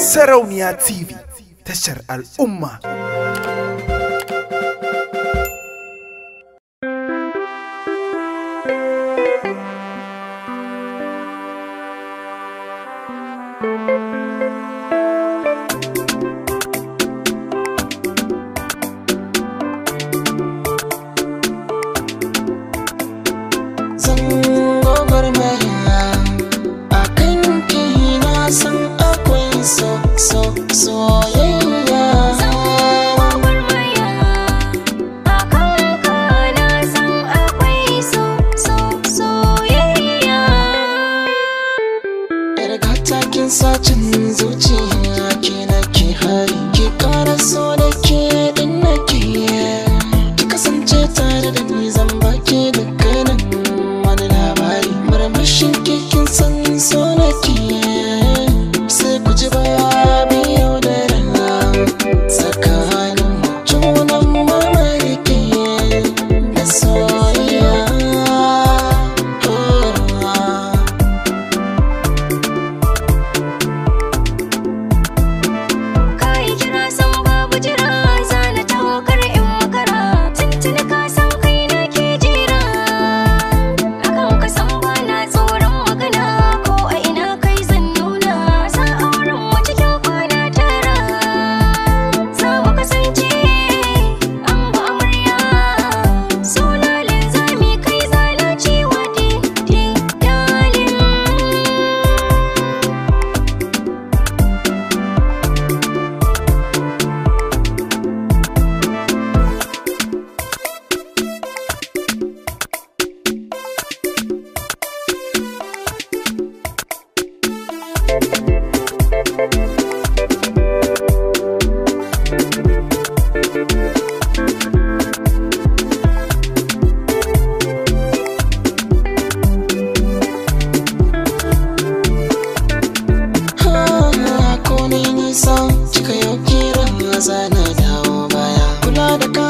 Sarauniya TV tashar al'umma. thank you matakin sacin zuciya ke na ke hari ke kara so da kika yau kiran maza na dawo baya kula da ka